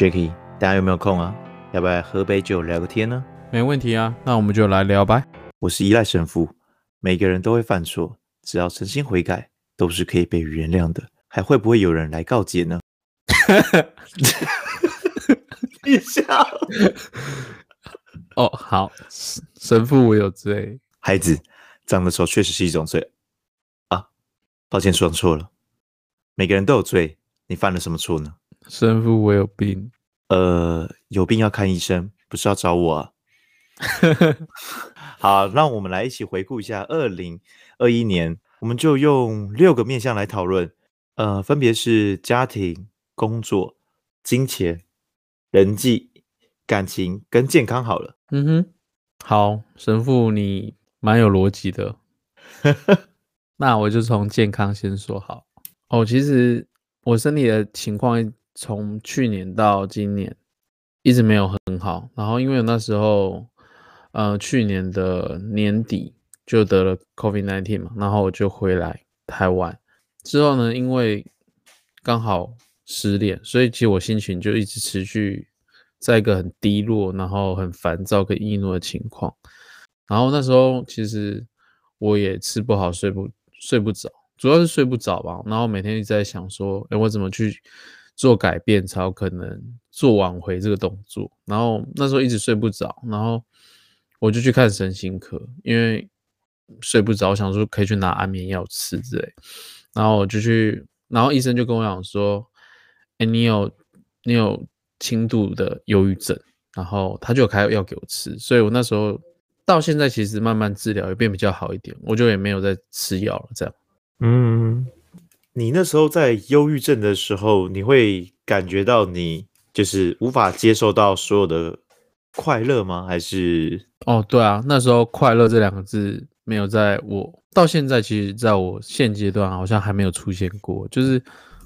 Jacky 大家有沒有空啊？要不要來喝杯酒聊個天呢？沒問題啊，那我們就來聊吧。我是 Eli 神父，每個人都會犯錯，只要誠心悔改，都是可以被原諒的。還會不會有人來告解呢？哈哈 了，哈哈，哈哈，笑。哦，好，神父我有罪。孩子，長得醜確實是一種罪啊。抱歉說錯了，每個人都有罪。你犯了什麼錯呢？神父，我有病。呃，有病要看醫生，不是要找我啊。 好，那我們來一起回顧一下二零二一年，我們就用六個面向來討論。呃，分別是家庭、工作、金錢、人際、感情跟健康。好了，嗯哼，好，神父你蠻有邏輯的。 那我就從健康先說好。哦，其實我身體的情況，從去年到今年，一直沒有很好。然後因為那時候，呃，去年的年底就得了 COVID-19 嘛，然後我就回來台灣之後呢，因為剛好失戀，所以其實我心情就一直持續在一個很低落，然後很煩躁跟易怒的情況。然後那時候其實我也吃不好，睡不睡不着，主要是睡不着吧。然後每天一直在想說，哎，我怎麼去？做改變，才有可能做挽回這個動作，然後那時候一直睡不着，然後我就去看身心科，因為睡不着，我想說可以去拿安眠藥吃之類，然後我就去，然後醫生就跟我講說，哎、欸，你有你有輕度的憂鬱症，然後他就開藥給我吃，所以我那時候到現在其實慢慢治療也變比較好一點，我就也沒有再吃藥了，這樣，嗯，嗯，嗯。你那時候在憂鬱症的時候，你會感覺到你就是無法接受到所有的快樂嗎？還是哦，對啊，那時候快樂這兩個字沒有在我到現在，其實在我現階段好像還沒有出現過。就是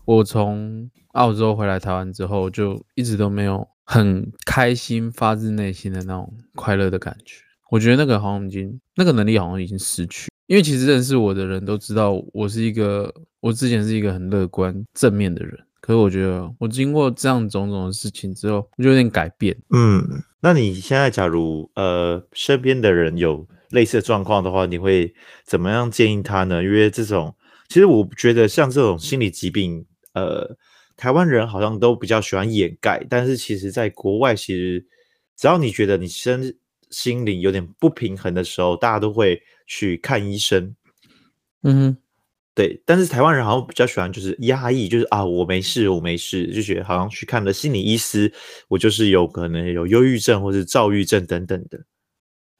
我從澳洲回來台灣之後，就一直都沒有很開心、發自內心的那種快樂的感覺。我覺得那個好像已經那個能力好像已經失去，因為其實認識我的人都知道我是一個。我之前是一個很樂觀、正面的人，可是我覺得我經過這樣種種的事情之後，我就有點改變。嗯，那你現在假如呃身邊的人有類似的狀況的話，你會怎麼樣建議他呢？因為這種其實我覺得像這種心理疾病，呃，台灣人好像都比較喜歡掩蓋，但是其實在國外，其實只要你覺得你身心靈有點不平衡的時候，大家都會去看醫生。嗯哼。對，但是台灣人好像比較喜歡就是壓抑，就是啊，我沒事，我沒事，就覺得好像去看了心理醫師，我就是有可能有憂鬱症或者躁鬱症等等的。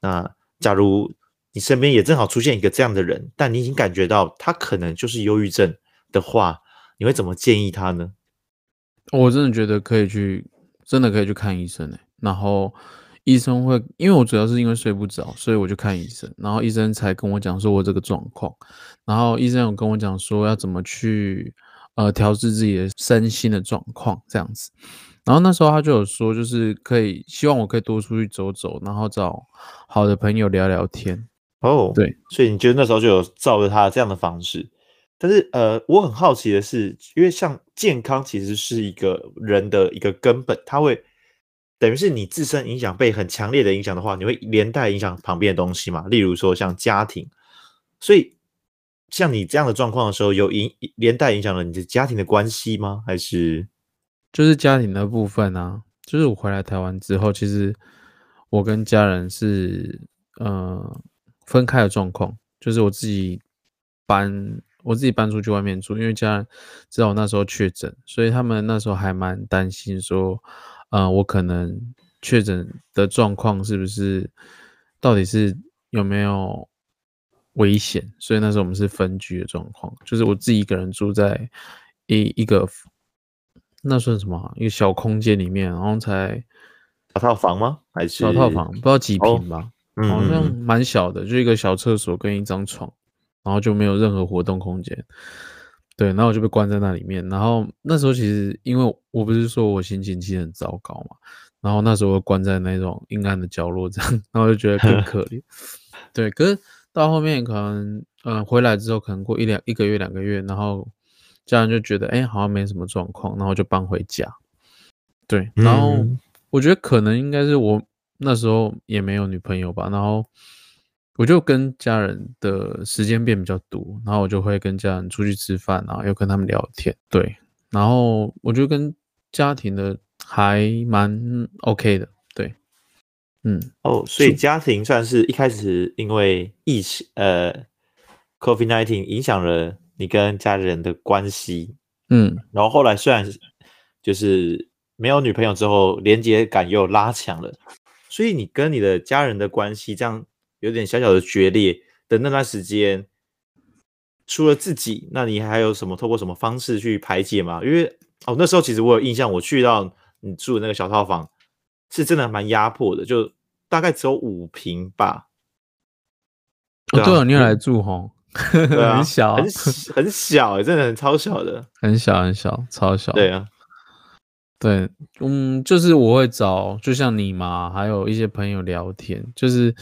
那假如你身邊也正好出現一個這樣的人，但你已經感覺到他可能就是憂鬱症的話，你會怎麼建議他呢？我真的覺得可以去，真的可以去看醫生欸，然後。醫生會，因為我主要是因為睡不着，所以我就看醫生，然後醫生才跟我講說我這個狀況，然後醫生有跟我講說要怎麼去，呃，調治自己的身心的狀況這樣子，然後那時候他就有說，就是可以希望我可以多出去走走，然後找好的朋友聊聊天哦，oh, 對，所以你覺得那時候就有照着他這樣的方式，但是呃，我很好奇的是，因為像健康其實是一個人的一個根本，他會。等於是你自身影響被很強烈的影響的話，你會連帶影響旁邊的東西嘛，例如說像家庭，所以像你這樣的狀況的時候，有影連帶影響了你的家庭的關係嗎？還是？就是家庭的部分啊？就是我回來台灣之後，其實我跟家人是呃分開的狀況，就是我自己搬我自己搬出去外面住，因為家人知道我那時候確診，所以他們那時候還蠻擔心說。啊、呃，我可能確診的狀況是不是，到底是有沒有危險？所以那時候我們是分居的狀況，就是我自己一個人住在一一個，那算什麼、啊？一個小空間裡面，然後才小套房嗎？還是小套房？不知道幾坪吧，oh, 好像蠻小的，嗯嗯，就一個小廁所跟一張床，然後就沒有任何活動空間。對，然後我就被關在那裡面，然後那時候其實因為我，我不是說我心情其實很糟糕嘛，然後那時候我就關在那種陰暗的角落這樣，然後我就覺得更可憐。 對，可是到後面可能，嗯、呃，回來之後可能過一兩一個月兩個月，然後家人就覺得，哎、欸，好像沒什麼狀況，然後就搬回家。對，然後我覺得可能應該是我那時候也沒有女朋友吧，然後。我就跟家人的時間變比較多，然後我就會跟家人出去吃飯，然後又跟他們聊天，對。然後我就跟家庭的還蠻 OK 的，對。嗯，哦，所以家庭算是一開始因為疫情呃，呃，COVID-19 影響了你跟家人的關係，嗯。然後後來雖然就是沒有女朋友之後，連接感又拉強了，所以你跟你的家人的關係這樣。有點小小的決裂的那段時間，除了自己，那你還有什麼？透過什麼方式去排解嗎？因為哦，那時候其實我有印象，我去到你住的那個小套房，是真的蠻壓迫的，就大概只有五坪吧。我對哦，你也來住吼？很小，很小，欸，真的很超小的，很小很小，超小。對啊，對，嗯，就是我會找，就像你嘛，還有一些朋友聊天，就是。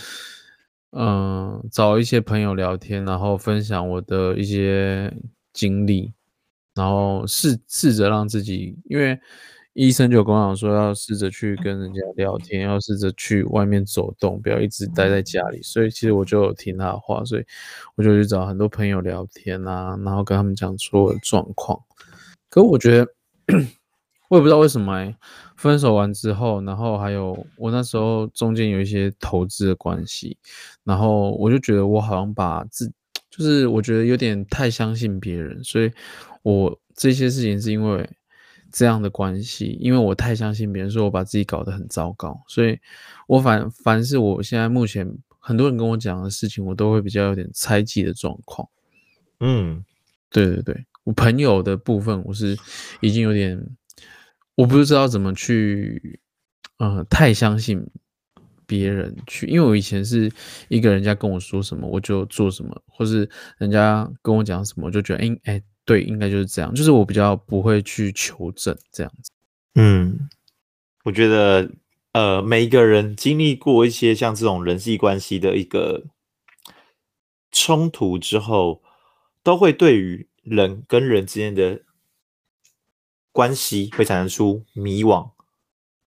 嗯，找一些朋友聊天，然後分享我的一些經歷，然後試試着讓自己，因為醫生就跟我講說，要試着去跟人家聊天，要試着去外面走動，不要一直待在家裡。所以其實我就有聽他的話，所以我就去找很多朋友聊天啊，然後跟他們講出我的狀況。可我覺得， 我也不知道為什麼、哎。分手完之後，然後還有我那時候中間有一些投資的關係，然後我就覺得我好像把自就是我覺得有點太相信別人，所以我這些事情是因為這樣的關係，因為我太相信別人，所以我把自己搞得很糟糕，所以我凡凡是我現在目前很多人跟我講的事情，我都會比較有點猜忌的狀況。嗯，對對對，我朋友的部分我是已經有點。我不是知道怎麼去，呃，太相信別人去，因為我以前是一個人家跟我說什麼我就做什麼，或是人家跟我講什麼我就覺得，哎、欸、哎、欸，對，應該就是這樣，就是我比較不會去求證這樣子。嗯，我覺得，呃，每一個人經歷過一些像這種人際關係的一個衝突之後，都會對於人跟人之間的。關係會產生出迷惘、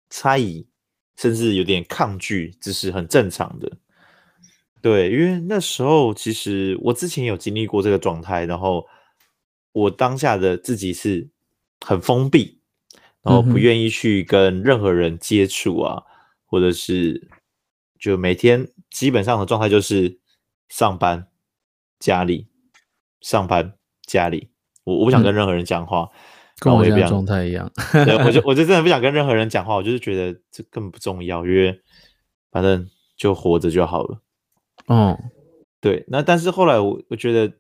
猜疑，甚至有點抗拒，這是很正常的。對，因為那時候其實我之前有經歷過這個狀態，然後我當下的自己是很封閉，然後不願意去跟任何人接觸啊，嗯哼，或者是就每天基本上的狀態就是上班、家裡、上班、家裡，我我不想跟任何人講話。嗯跟我一樣狀態一樣。 我，我就我就真的不想跟任何人講話， 我就是覺得這根本不重要，因為反正就活着就好了。嗯、哦，對。那但是後來我我覺得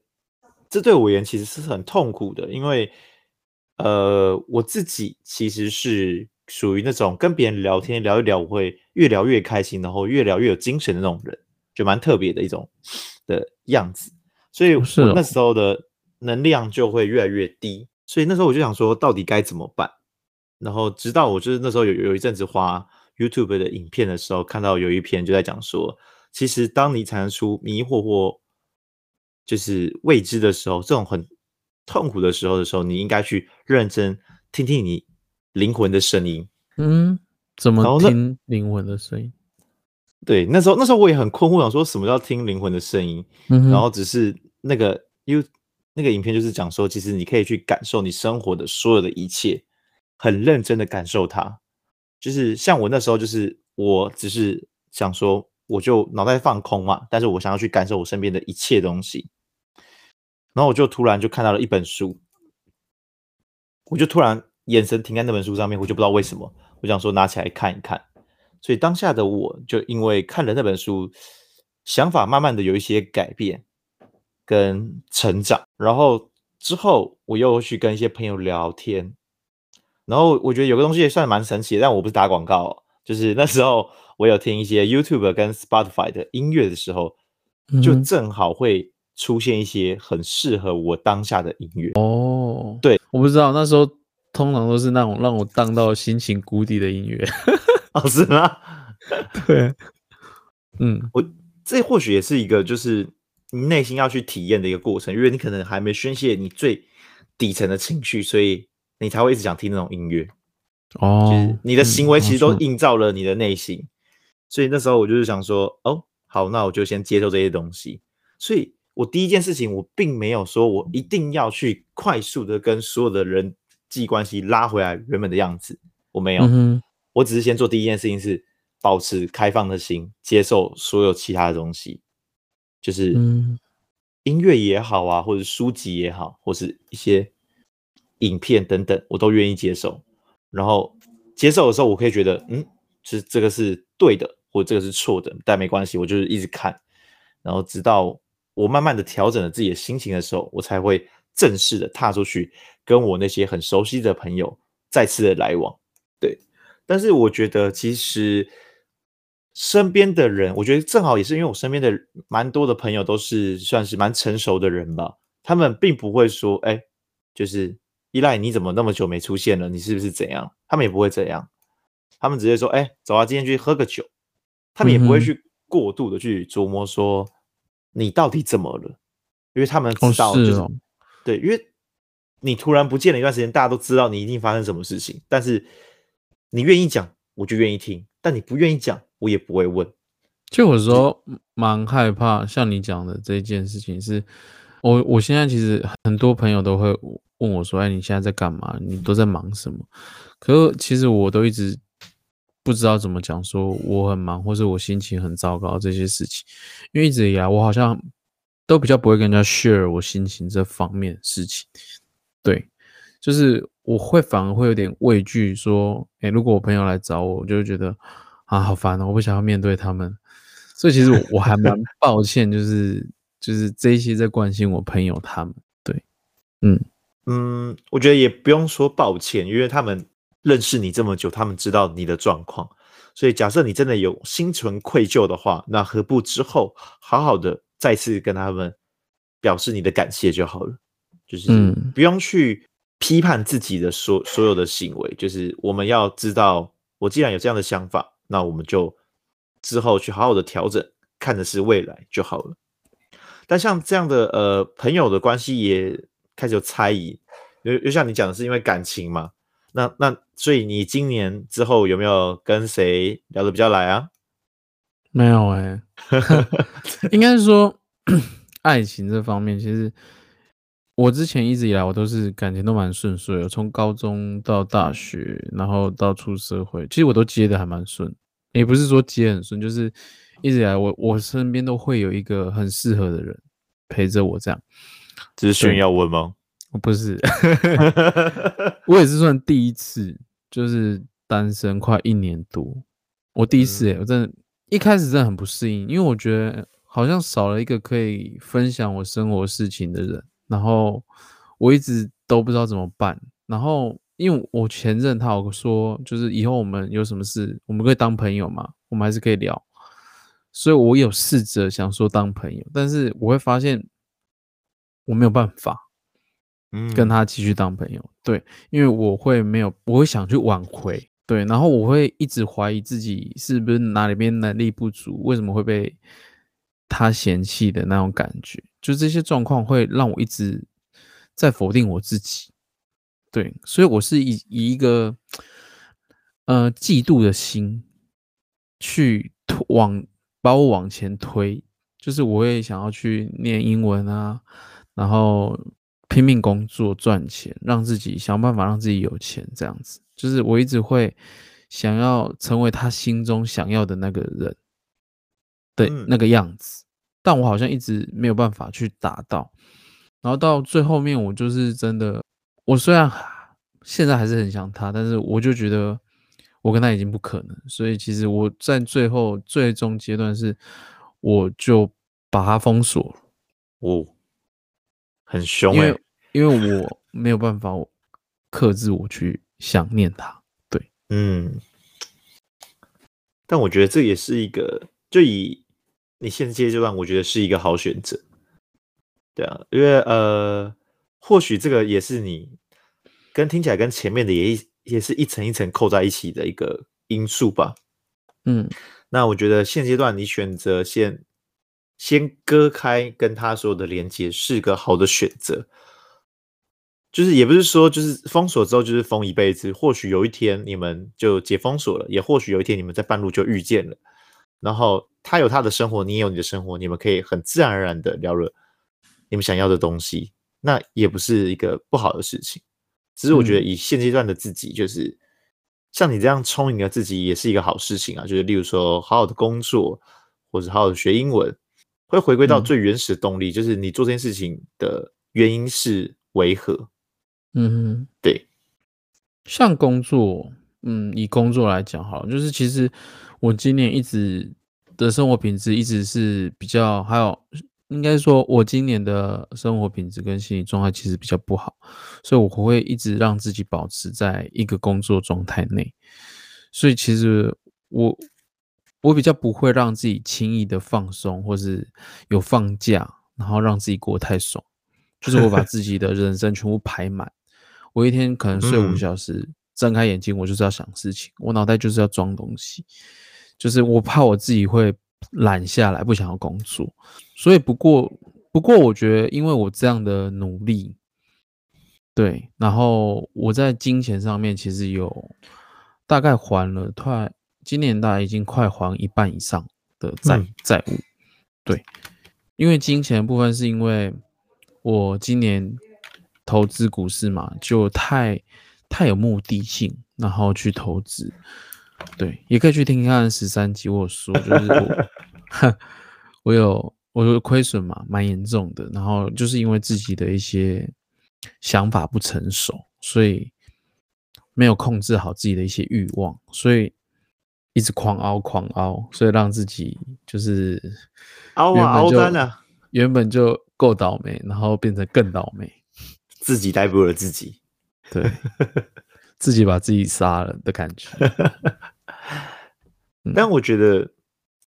這對我而言其實是很痛苦的，因為呃我自己其實是屬於那種跟別人聊天聊一聊，我會越聊越開心，然後越聊越有精神的那種人，就蠻特別的一種的樣子。所以那時候的能量就會越來越低。所以那時候我就想說，到底該怎麼辦？然後直到我就是那時候有有一陣子花 YouTube 的影片的時候，看到有一篇就在講說，其實當你產生出迷惑或就是未知的時候，這種很痛苦的時候的時候，你應該去認真聽聽你靈魂的聲音。嗯，怎麼聽靈魂的聲音？對，那時候那時候我也很困惑，想說什麼叫聽靈魂的聲音？嗯哼，然後只是那個 YouTube。那個影片就是講說，其實你可以去感受你生活的所有的一切，很認真的感受它。就是像我那時候，就是我只是想說，我就腦袋放空嘛，但是我想要去感受我身邊的一切東西。然後我就突然就看到了一本書，我就突然眼神停在那本書上面，我就不知道為什麼，我想說拿起來看一看。所以當下的我就因為看了那本書，想法慢慢的有一些改變。跟成長，然後之後我又去跟一些朋友聊天，然後我覺得有個東西也算蠻神奇的，但我不是打廣告，就是那時候我有聽一些 YouTube 跟 Spotify 的音樂的時候，就正好會出現一些很適合我當下的音樂。哦、嗯，對，我不知道那時候通常都是那種讓我盪到心情谷底的音樂。 哦、是嗎？對，嗯，我這或許也是一個就是。你內心要去體驗的一個過程，因為你可能還沒宣洩你最底層的情緒，所以你才會一直想聽那種音樂。哦，你的行為其實都映照了你的內心，嗯哦、所以那時候我就是想說，哦，好，那我就先接受這些東西。所以我第一件事情，我並沒有說我一定要去快速的跟所有的人際關係拉回來原本的樣子，我沒有，嗯、哼我只是先做第一件事情是保持開放的心，接受所有其他的東西。就是，音樂也好啊，或者書籍也好，或是一些影片等等，我都願意接受。然後接受的時候，我可以覺得，嗯，就是這個是對的，或者這個是錯的，但沒關係，我就是一直看。然後直到我慢慢的調整了自己的心情的時候，我才會正式的踏出去，跟我那些很熟悉的朋友再次的來往。對，但是我覺得其實。身邊的人，我覺得正好也是因為我身邊的蠻多的朋友都是算是蠻成熟的人吧，他們並不會說，哎、欸，就是 Eli，你怎麼那麼久沒出現了，你是不是怎樣？他們也不會怎樣，他們直接說，哎、欸，走啊，今天去喝個酒。他們也不會去過度的去琢磨說、嗯、哼你到底怎麼了，因為他們知道，這種、哦哦就是，對，因為你突然不見了一段時間，大家都知道你一定發生什麼事情，但是你願意講，我就願意聽，但你不願意講。我也不會問，就我說蠻害怕，像你講的這一件事情是，是我我現在其實很多朋友都會問我說：“哎、欸，你現在在幹嘛？你都在忙什麼？”可是其實我都一直不知道怎麼講，說我很忙，或是我心情很糟糕這些事情，因為一直以來我好像都比較不會跟人家 share 我心情這方面的事情，對，就是我會反而會有點畏懼，說：“哎、欸，如果我朋友來找我，我就會覺得。”啊，好煩哦！我不想要面對他們，所以其實我還蠻抱歉， 就是就是這一些在關心我朋友他們，對，嗯嗯，我覺得也不用說抱歉，因為他們認識你這麼久，他們知道你的狀況，所以假設你真的有心存愧疚的話，那何不之後好好的再次跟他們表示你的感謝就好了，就是不用去批判自己的所所有的行為，就是我們要知道，我既然有這樣的想法。那我們就之後去好好的調整，看的是未來就好了。但像這樣的呃，朋友的關係也開始有猜疑，又又像你講的是因為感情嘛。那那所以你今年之後有沒有跟誰聊得比較來啊？沒有哎、欸， 應該是說 愛情這方面其實。我之前一直以來，我都是感情都蠻順遂的，從高中到大學，嗯、然後到出社會，其實我都接的還蠻順，也不是說接很順，就是一直以來我，我我身邊都會有一個很適合的人陪着我這樣。這是炫耀文嗎？我不是， 我也是算第一次，就是單身快一年多，我第一次耶，我真的，嗯、一開始真的很不適應，因為我覺得好像少了一個可以分享我生活事情的人。然後我一直都不知道怎麼辦。然後因為我前任他有說，就是以後我們有什麼事，我們可以當朋友嘛。我們還是可以聊。所以我有試着想說當朋友，但是我會發現我沒有辦法，嗯，跟他繼續當朋友。嗯、對，因為我會沒有，我會想去挽回。對，然後我會一直懷疑自己是不是哪裡邊能力不足，為什麼會被。他嫌棄的那種感覺，就這些狀況會讓我一直在否定我自己，對，所以我是以以一個呃嫉妒的心去往把我往前推，就是我會想要去念英文啊，然後拼命工作賺錢，讓自己想辦法讓自己有錢，這樣子，就是我一直會想要成為他心中想要的那個人，對，那個樣子，嗯，但我好像一直沒有辦法去達到，然後到最後面，我就是真的，我雖然現在還是很想他，但是我就覺得我跟他已經不可能，所以其實我在最後最終階段是我就把他封鎖，哦，很凶欸，因為因為我沒有辦法克制我去想念他，對，嗯，但我覺得這也是一個就以。你現階段，我覺得是一個好選擇，對啊，因為呃，或許這個也是你跟聽起來跟前面的也也是一層一層扣在一起的一個因素吧。嗯，那我覺得現階段你選擇先先割開跟他所有的連接，是個好的選擇。就是也不是說就是封鎖之後就是封一輩子，或許有一天你們就解封鎖了，也或許有一天你們在半路就遇見了。然後他有他的生活，你也有你的生活，你們可以很自然而然地聊了你們想要的東西，那也不是一個不好的事情。只是我覺得以現階段的自己，就是、嗯、像你這樣充盈的自己，也是一個好事情啊。就是例如說，好好的工作，或者是好好的學英文，會回歸到最原始的動力，嗯、就是你做這件事情的原因是為何？嗯哼，對，像工作。嗯，以工作來講，好了，就是其實我今年一直的生活品質一直是比較，還有應該說，我今年的生活品質跟心理狀態其實比較不好，所以我會一直讓自己保持在一個工作狀態內。所以其實我我比較不會讓自己輕易的放鬆，或是有放假，然後讓自己過得太爽。就是我把自己的人生全部排滿， 我一天可能睡五小時。嗯睜開眼睛，我就是要想事情，我腦袋就是要裝東西，就是我怕我自己會懶下來，不想要工作。所以，不過，不過，我覺得，因為我這樣的努力，對，然後我在金錢上面其實有大概還了快，今年大概已經快還一半以上的債債務，嗯、對。因為金錢的部分是因為我今年投資股市嘛，就太。太有目的性，然後去投資，對，也可以去聽，聽看十三集。我說，就是我， 我有，我有虧損嘛，蠻嚴重的。然後就是因為自己的一些想法不成熟，所以沒有控制好自己的一些慾望，所以一直狂凹，狂凹，所以讓自己就是就凹啊凹翻了。原本就夠倒霉，然後變成更倒霉，自己逮捕了自己。對，自己把自己殺了的感覺。 但我覺得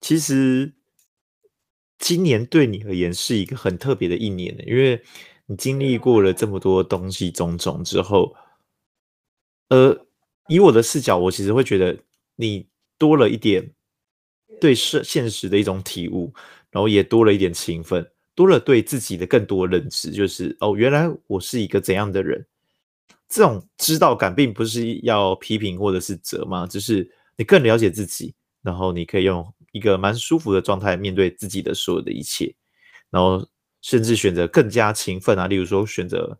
其實今年對你而言是一個很特別的一年，因為你經歷過了這麼多東西種種之後，呃，以我的視角，我其實會覺得你多了一點對現實的一種體悟，然後也多了一點勤奮，多了對自己的更多的認知，就是哦，原來我是一個怎樣的人。這種知道感並不是要批評或者是責罵，就是你更了解自己，然後你可以用一個蠻舒服的狀態面對自己的所有的一切，然後甚至選擇更加勤奮啊，例如說選擇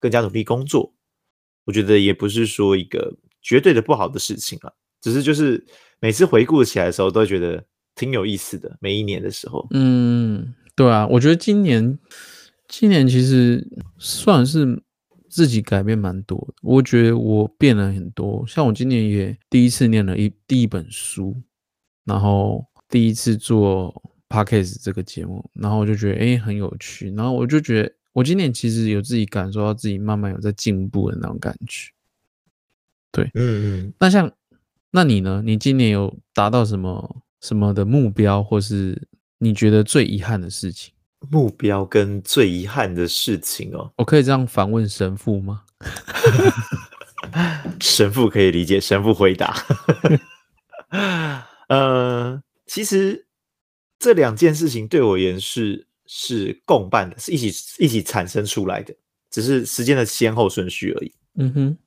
更加努力工作，我覺得也不是說一個絕對的不好的事情啊，只是就是每次回顧起來的時候都會覺得挺有意思的，每一年的時候，嗯，對啊，我覺得今年今年其實算是自己改變蠻多的，我覺得我變了很多。像我今年也第一次念了一第一本書，然後第一次做 Podcast 這個節目，然後我就覺得哎，很有趣。然後我就覺得我今年其實有自己感受到自己慢慢有在進步的那種感覺。對，嗯嗯。那像那你呢？你今年有達到什麼什麼的目標，或是你覺得最遺憾的事情？目標跟最遺憾的事情哦，我可以這樣反問神父嗎？ 神父可以理解，神父回答。 呃，其實這兩件事情對我而言是是共伴的，是一起一起產生出來的，只是時間的先後順序而已。嗯哼。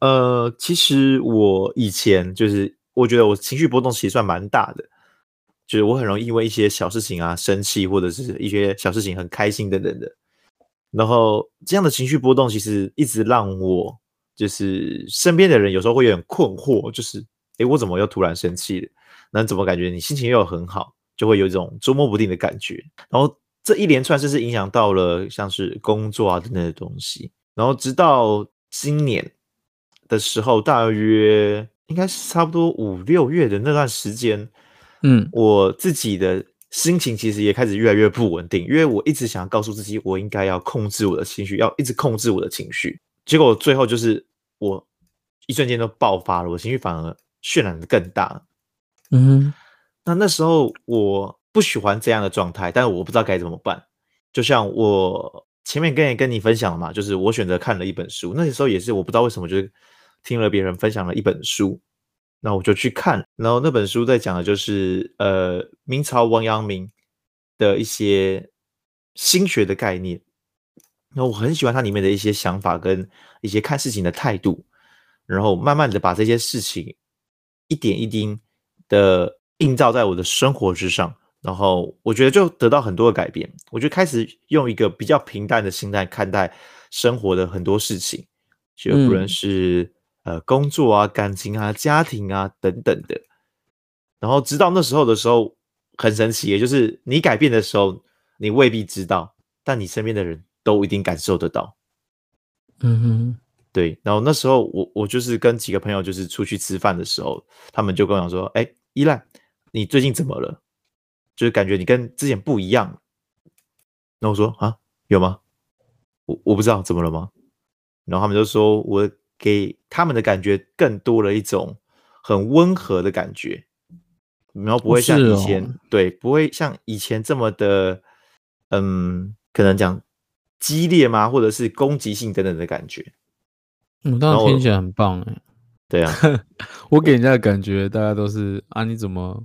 呃，其實我以前就是，我覺得我情緒波動其實算蠻大的。就是我很容易因為一些小事情啊生氣，或者是一些小事情很開心等等的。然後這樣的情緒波動，其實一直讓我就是身邊的人有時候會有點困惑，就是誒，我怎麼又突然生氣了？那怎麼感覺你心情又很好？就會有一種捉摸不定的感覺。然後這一連串就是影響到了像是工作啊等等的東西。然後直到今年的時候，大約應該是差不多五六月的那段時間。嗯，我自己的心情其實也開始越來越不穩定，因為我一直想要告訴自己，我應該要控制我的情緒，要一直控制我的情緒。結果我最後就是我一瞬間都爆發了，我情緒反而渲染得更大。嗯哼，那那時候我不喜歡這樣的狀態，但是我不知道該怎麼辦。就像我前面跟也跟你分享了嘛，就是我選擇看了一本書，那時候也是我不知道為什麼，就是聽了別人分享了一本書。那我就去看，然後那本書在講的就是呃，明朝王陽明的一些心學的概念。那我很喜歡它裡面的一些想法跟一些看事情的態度，然後慢慢的把這些事情一點一滴的映照在我的生活之上，然後我覺得就得到很多的改變。我就開始用一個比較平淡的心態看待生活的很多事情，就不論是、嗯。呃，工作啊，感情啊，家庭啊，等等的，然後直到那時候的時候，很神奇，也就是你改變的時候，你未必知道，但你身邊的人都一定感受得到。嗯哼，對。然後那時候我我就是跟幾個朋友就是出去吃飯的時候，他們就跟我講說：“哎、欸，Eli，你最近怎麼了？就是感覺你跟之前不一樣。”然後我說：“啊，有嗎？我我不知道怎麼了嗎？”然後他們就說：“我。”給他們的感覺更多了一種很溫和的感覺，然後不會像以前，哦、對，不會像以前這麼的，嗯，可能講激烈嗎？或者是攻擊性等等的感覺。嗯，那聽起來很棒欸。對啊， 我給人家的感覺，大家都是啊，你怎麼，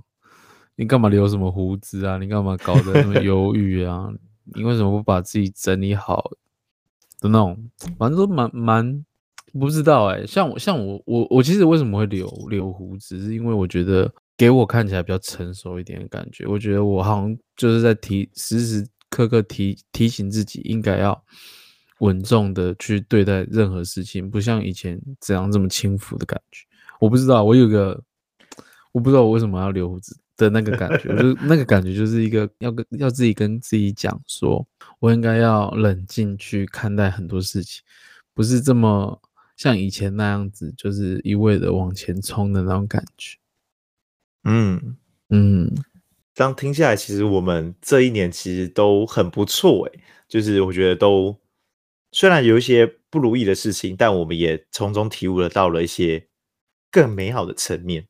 你幹嘛留什麼胡子啊？你幹嘛搞得那麼憂鬱啊？ 你為什麼不把自己整理好？的那種，反正都蠻蠻。蠻不知道哎、欸，像我像我我我其實為什麼會留留鬍子，是因為我覺得給我看起來比較成熟一點的感覺。我覺得我好像就是在提時時刻刻提提醒自己，應該要穩重的去對待任何事情，不像以前怎樣這麼輕浮的感覺。我不知道我有個我不知道我為什麼要留鬍子的那個感覺， 就那個感覺就是一個要跟要自己跟自己講說我應該要冷靜去看待很多事情，不是這麼。像以前那樣子，就是一味的往前衝的那種感覺。嗯嗯，這樣、嗯、聽下來，其實我們這一年其實都很不錯哎、欸，就是我覺得都雖然有一些不如意的事情，但我們也從中體悟了到了一些更美好的層面。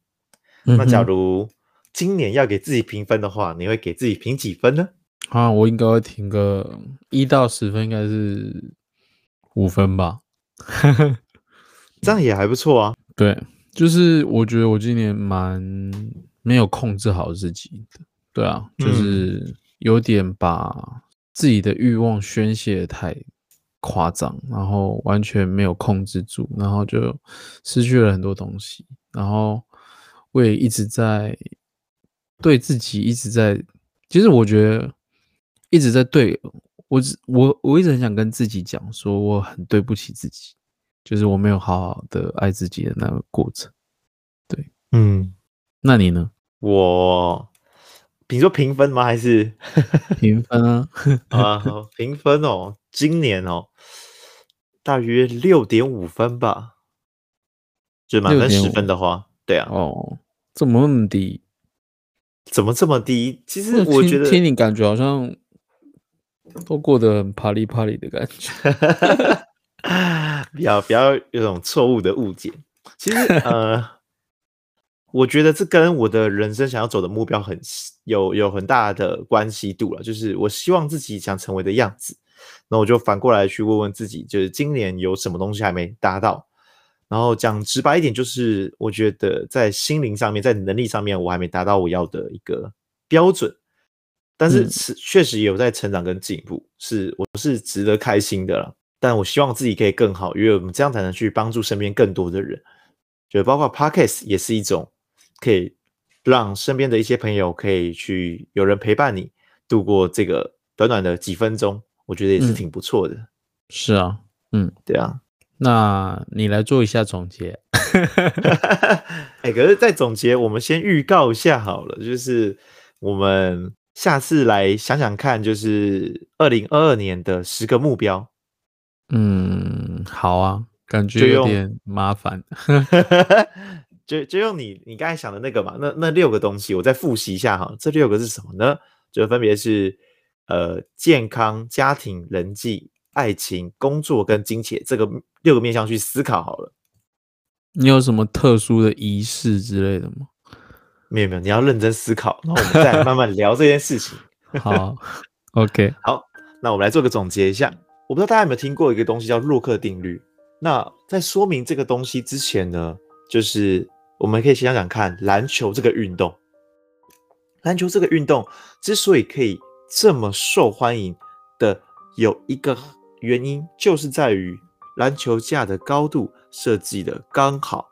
嗯、哼那假如今年要給自己評分的話，你會給自己評幾分呢？啊，我應該會評個一到十分，應該是五分吧。 這樣也還不錯啊。對，就是我覺得我今年蠻沒有控制好自己的。對啊，就是有點把自己的慾望宣洩得太誇張，然後完全沒有控制住，然後就失去了很多東西。然後我也一直在對自己一直在，其實我覺得一直在對我，我我一直很想跟自己講說我很對不起自己。就是我沒有好好的愛自己的那個過程，對，嗯，那你呢？我，比如說評分嗎？還是評 分啊？ 啊，評分哦？今年哦，大約六點五分吧，就滿分十分的話，6. 5? 對啊，哦，怎麼那麼低？怎麼這麼低？其實我，我覺得聽你感覺好像都過得很啪里啪里的感覺。 啊，比較比較有種錯誤的誤解。其實，呃， 我覺得這跟我的人生想要走的目標很有有很大的關係度啦。就是我希望自己想成為的樣子，那我就反過來去問問自己，就是今年有什麼東西還沒達到？然後講直白一點，就是我覺得在心靈上面，在能力上面，我還沒達到我要的一個標準。但是是確、嗯、實有在成長跟進步，是我是值得開心的啦。但我希望自己可以更好，因為我們這樣才能去幫助身邊更多的人，就包括 Podcast 也是一種可以讓身邊的一些朋友可以去有人陪伴你度過這個短短的幾分鐘，我覺得也是挺不錯的。嗯、是啊、哦，嗯，對啊，那你來做一下總結。哎、 欸，可是，在總結，我們先預告一下好了，就是我們下次來想想看，就是二零二二年的十個目標。嗯，好啊，感覺有點麻煩，就用 就，就用你你剛才想的那個嘛，那那六個東西，我再複習一下哈，這六個是什麼呢？就分別是呃健康、家庭、人際、愛情、工作跟金錢，這個六個面向去思考好了。你有什麼特殊的儀式之類的嗎？沒有沒有，你要認真思考， 然後我們再慢慢聊這件事情。好 ，OK，好，那我們來做個總結一下。我不知道大家有沒有聽過一個東西叫洛克定律。那在說明這個東西之前呢，就是我們可以先想想看，籃球這個運動，籃球這個運動之所以可以這麼受歡迎的，有一個原因就是在於籃球架的高度設計得剛好。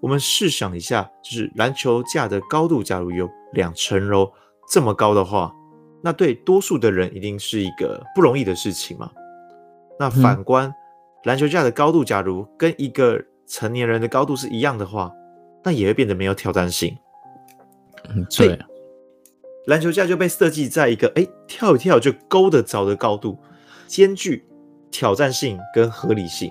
我們試想一下，就是籃球架的高度，假如有兩層樓這麼高的話，那對多數的人一定是一個不容易的事情嘛。那反觀、嗯、籃球架的高度，假如跟一個成年人的高度是一樣的話，那也會變得沒有挑戰性。啊、所以籃球架就被設計在一個誒、欸、跳一跳就勾得着的高度，兼具挑戰性跟合理性。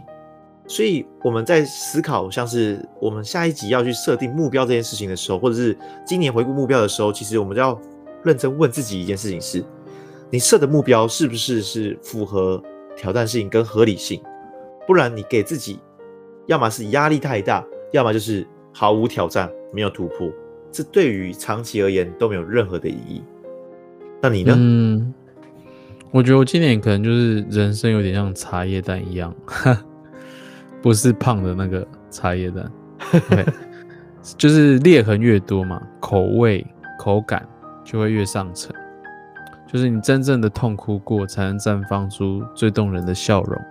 所以我們在思考像是我們下一集要去設定目標這件事情的時候，或者是今年回顧目標的時候，其實我們就要認真問自己一件事情是：是你設的目標是不是是符合？挑戰性跟合理性，不然你給自己，要麼是壓力太大，要麼就是毫無挑戰，沒有突破，這對於長期而言都沒有任何的意義。那你呢？嗯，我覺得我今年可能就是人生有點像茶葉蛋一樣， 不是胖的那個茶葉蛋 對，就是裂痕越多嘛，口味口感就會越上乘。就是你真正的痛哭過，才能綻放出最動人的笑容。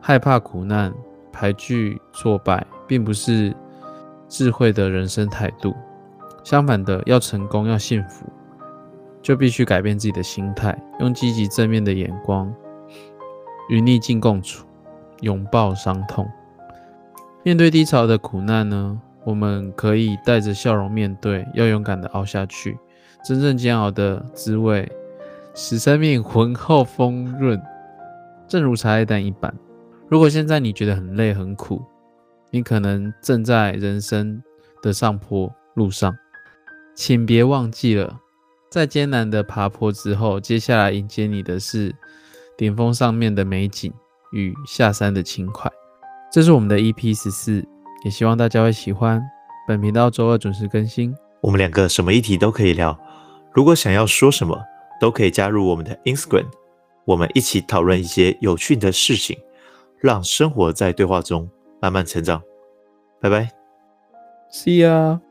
害怕苦難、排拒挫敗，並不是智慧的人生態度。相反的，要成功、要幸福，就必須改變自己的心態，用積極正面的眼光與逆境共處，擁抱傷痛。面對低潮的苦難呢？我們可以帶着笑容面對，要勇敢的熬下去。真正煎熬的滋味。使生命渾厚豐潤，正如茶葉蛋一般。如果現在你覺得很累很苦，你可能正在人生的上坡路上，請別忘記了，在艱難的爬坡之後，接下來迎接你的是頂峰上面的美景與下山的輕快。這是我們的 EP 14，也希望大家會喜歡。本頻道週二準時更新。我們兩個什麼議題都可以聊，如果想要說什麼。都可以加入我們的 Instagram，我們一起討論一些有趣的事情，讓生活在對話中慢慢成長。拜拜，See ya。